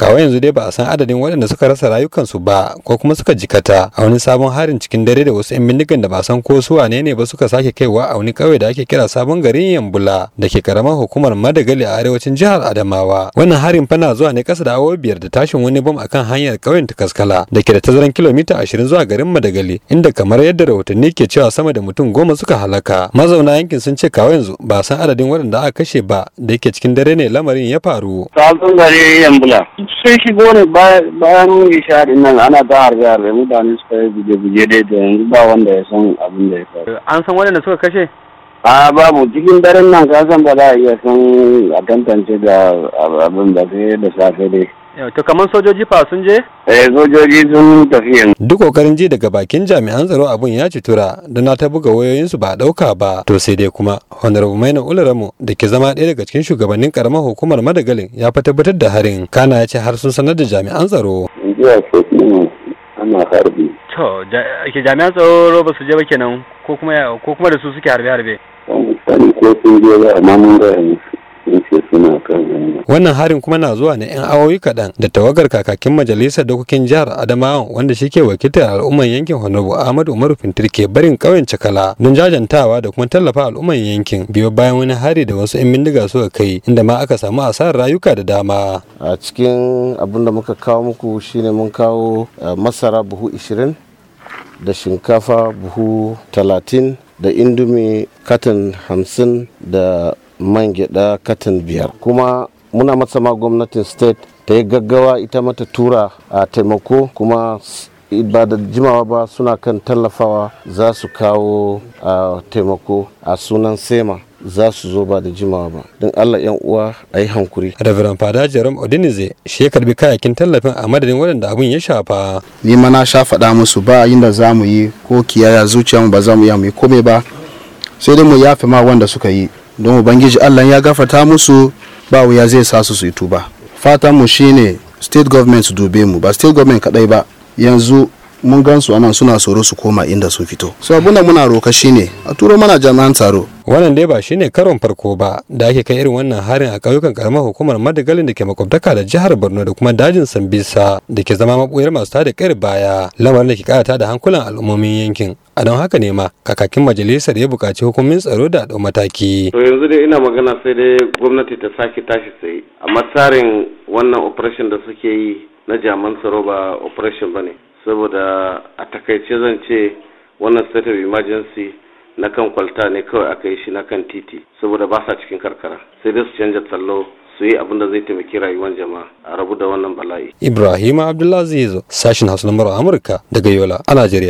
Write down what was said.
kawo yanzu dai ba a san adadin waɗanda suka rasa rayukansu ba ko kuma suka jikata a wani sabon harin cikin dare da wasu 'yan bindigan da ba san ko su wane ne ba suka sake kaiwa a wani ƙauye da ake kira sabon garin yambula da ke karamar hukumar madagali a arewacin jihar adamawa wannan harin fana zuwa ne kasa da awo biyar da tashin wani bom akan hanyar ƙauyen kaskala. da ke da tazaran kilomita ashirin zuwa garin madagali inda kamar yadda rahotanni ke cewa sama da mutum goma suka halaka mazauna yankin sun ce kawo yanzu ba san adadin waɗanda aka kashe ba da yake cikin dare ne lamarin ya faru. sai shigo ne bayan isha din nan ana ta harbe harbe mutane suka yi guje guje dai da yanzu ba wanda ya san abin da ya faru an san waɗanda suka kashe a babu cikin daren nan kasan ba za a iya san a tantance da abin da sai da safe dai Eh, to kamar sojoji fa sun je? Eh sojoji sun tafi yanzu. Duk kokarin ji daga bakin jami'an tsaro abun ya ci tura don na ta buga wayoyinsu ba a dauka ba. To sai dai kuma Honorable Maina Ularamu da ke zama ɗaya daga cikin shugabannin karamar hukumar Madagalin ya fa tabbatar da harin. Kana ya ce har sun sanar da jami'an tsaro. To ke jami'an tsaro roba su je ba kenan ko kuma da su suke harbe-harbe. Sani ko sun je ba amma mun gaya Wannan harin kuma na zuwa ne 'yan awowi kaɗan da tawagar kakakin majalisar dokokin jihar Adamawa wanda shi ke wakiltar al'ummar yankin Honobu Ahmadu Umaru Fintir ke barin ƙauyen Cakala don jajantawa da kuma tallafa al'umman yankin biyo bayan wani hari da wasu 'yan bindiga suka kai inda ma aka samu asarar rayuka da dama. A cikin abin da muka kawo muku shine mun kawo eh, masara buhu 20 da shinkafa buhu 30 da indomie katin 50 da man gyada katin biyar kuma muna matsama gwamnatin state ta yi gaggawa ita mata tura a taimako kuma ba da jimawa ba suna kan tallafawa za su kawo a taimako a sunan sema za su zo ba da jimawa ba don allah yan uwa a yi hankuri reverend fada jerome odinize shi ya kayakin tallafin a madadin wadanda abin ya shafa ni ma na sha faɗa musu ba inda za mu yi ko kiyaya zuciya mu ba za mu iya mu yi komai ba sai dai mu yafe ma wanda suka yi don ubangiji allah ya gafata musu ba wuya zai sa su su yi tuba fatan mu shine state government su dube mu ba state government kadai ba yanzu mun gan su anan suna tsoro su koma inda su fito so abunda muna roka shine a turo mana jami'an tsaro wannan dai ba shine karon farko ba da ake kai irin wannan harin a ƙauyukan karamar hukumar madagalin da ke makwabtaka da jihar borno da kuma dajin sambisa da ke zama maɓoyar masu tada kai baya lamarin da ke karata da hankulan al'ummomin yankin a don haka ne ma kakakin majalisar ya buƙaci hukumin tsaro da ɗau mataki. to yanzu dai ina magana sai dai gwamnati ta sake tashi tsaye a tsarin wannan operation da suke yi na jaman tsaro ba operation ba ne saboda a takaice zan ce wannan state of emergency na kan kwalta ne kawai aka yi shi na kan titi saboda ba sa cikin karkara sai dai su canja tsallo su yi abin da zai taimaki rayuwar jama'a a rabu da wannan bala'i. Ibrahim Abdullahi zo sashin Hausa na Amurka daga Yola a Najeriya.